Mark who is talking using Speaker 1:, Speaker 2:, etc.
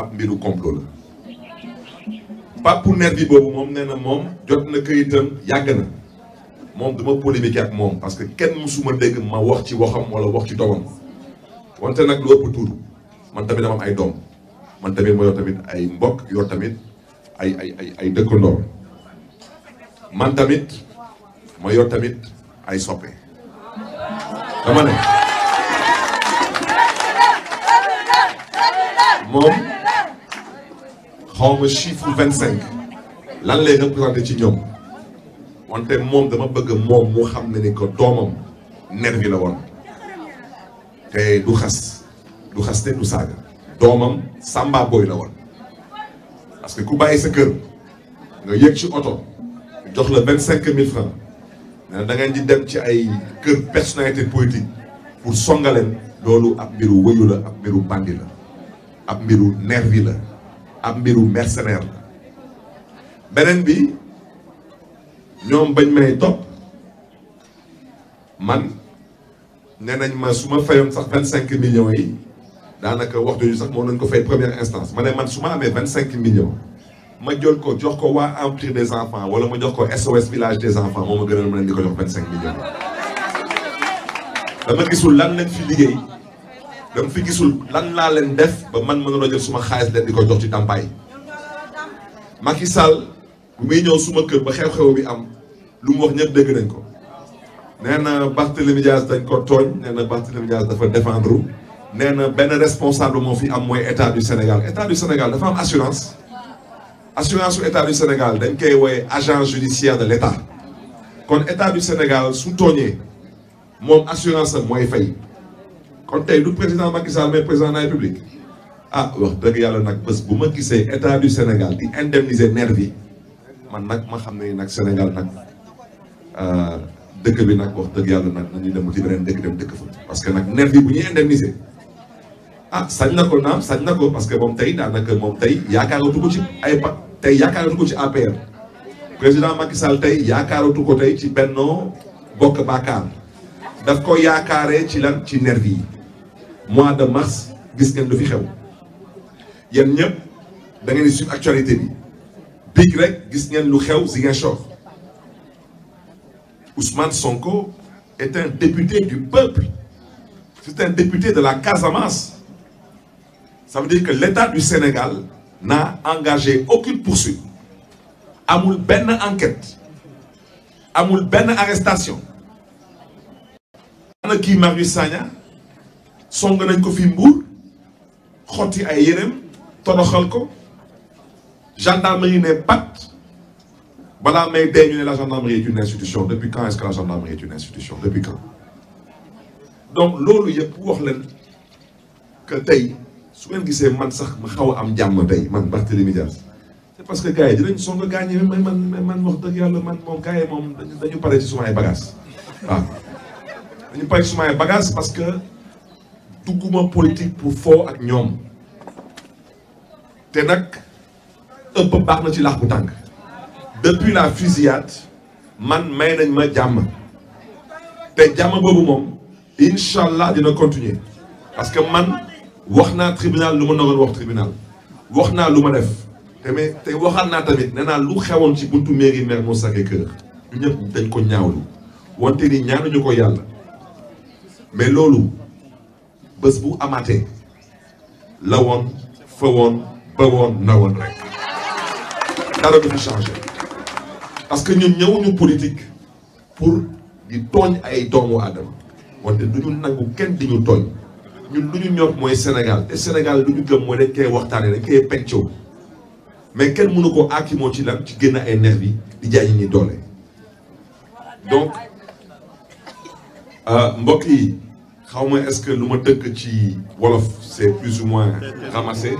Speaker 1: ab mbiru complot la Pape nervi boobu moom nee na moom jot na këyitam yàgg na moom duma polémique moom parce que kenn musuma dégg ma wax ci waxam wala wax ci doomam wante nag lu ëpp tuuru man tamit ay doom man tamit ma yor tamit ay mbokk yor tamit ay ay ay man tamit ma yor tamit ay soppe dama ne moom xaw ma chiffre vingt cinq lan lay représenté ci ñoom wante moom dama bëgg moom mu xam ne ni ko doomam nervi la woon te du xas du xas te du saaga doomam sàmba la woon parce que ku bàyyi sa kër nga yëg ci oto jox la vingt cinq mille francs ne da ngeen di dem ci ay kër personnalité politique pour songaleen loolu ab mbiru wëyu la ab mbiru bandi la ab mbiru nervi la ab mbiru mercenaire la beneen bi ñoom bañ may topp man nee nañ ma su ma fayoon sax vingt cinq millions yi daanaka waxtu yu sax moo nañ ko fay première instance ma ne man su ma amee vingt cinq millions ma jël ko jox ko waa Empire des enfants wala ma jox ko SOS village des enfants moo ma gënal ma leen di ko jox vingt cinq millions dama gisul lan lañ fi liggéey dama fi gisul lan laa leen def ba man mën a jël suma xaalis leen di ko jox ci dàmpaay Macky Sall bu muy ñëw suma kër ba xew-xew bi am lu mu wax ñëpp dégg nañ ko nee na Barthélémy Dias dañ ko tooñ nee na Barthélémy Dias dafa défendre nee na benn responsable moo fi am mooy état du Sénégal état du Sénégal dafa am assurance assurance su état du Sénégal dañ koy wooye agent judiciaire de l' état kon état du Sénégal su tooñee moom assurance am mooy fay kon tey du président Macky Sall mais président de République ah wax dëgg yàlla nag bés bu ma gisee état du Sénégal di indemniser nervi yi man nag ma xam ne nag Sénégal nag ah, dëkk bi nag wax dëgg yàlla nag nañu dem ci beneen dëkk dem dëkk fa. parce que nag nervi yi bu ñuy indemniser ah sañ na ko naam sañ na ko parce que moom tey daanaka moom tey yaakaaratu ko ci ay pa tey yaakaaratu ko ci APR président Macky Sall tey yaakaaratu ko tey ci Benno Bokk Yaakaar daf ko yaakaaree ci lan ci nervi mois de mars gis ngeen lu fi xew yéen ñëpp da ngeen actualité bi rek gis ngeen lu xew Ziguinchor Ousmane Sonko est un député du peuple c'est un député de la Casamance ça veut dire que l'État du Sénégal n'a engagé aucune poursuite amul benn enquête amul benn arrestation ana kii Marius Sagna song nañ ko fi mbuur xotti ay yéreem toroxal ko gendarmerie ne pat balaa may dee ñu la gendarmerie est une institution depuis quand est-ce que la gendarmerie est une institution depuis quand donc loolu yëpp wax leen que tey su ngeen gisee man sax ma xaw a am jàmm tey man Barthélémy Dias c'est que gars yi dinañ song gaañee man man man wax dëgg yàlla man moom gars yi moom dañu pare ci suma ay bagages dañu pare ci suma ay parce que. bugguma politique pour foo ak ñoom te nag ëpp baax na ci laax bu tàng depuis la fusillade man may nañ ma jàmm te jàmm boobu moom incha allah dina continuer parce que man wax naa tribunal lu ma nagoon wax tribunal wax naa lu ma def te mais te waxaat naa tamit nee naa lu xewoon ci buntu mairie Mermoz Sacré-Cœur ñëpp dañ ko ñaawlu wante ni ñaanuñu ko yàlla mais loolu bés bu amaatee la woon fa woon ba woon na woon rek dara du fi changé parce que ñun ñëwuñu politique pour di tooñ ay doomu aadama wante du ñu nangu kenn di ñu tooñ ñun lu ñu ñor mooy Sénégal te Sénégal lu ñu gëm mooy dañ koy waxtaanee dañ koy peccoo mais kenn mënu ko aakimoo ci lan ci génn ay neex bi di jaay ñi doole donc euh, mbokk yi. xaw ma est-ce que lu ma dëkk ci wolof c'est plus ou moins ramassé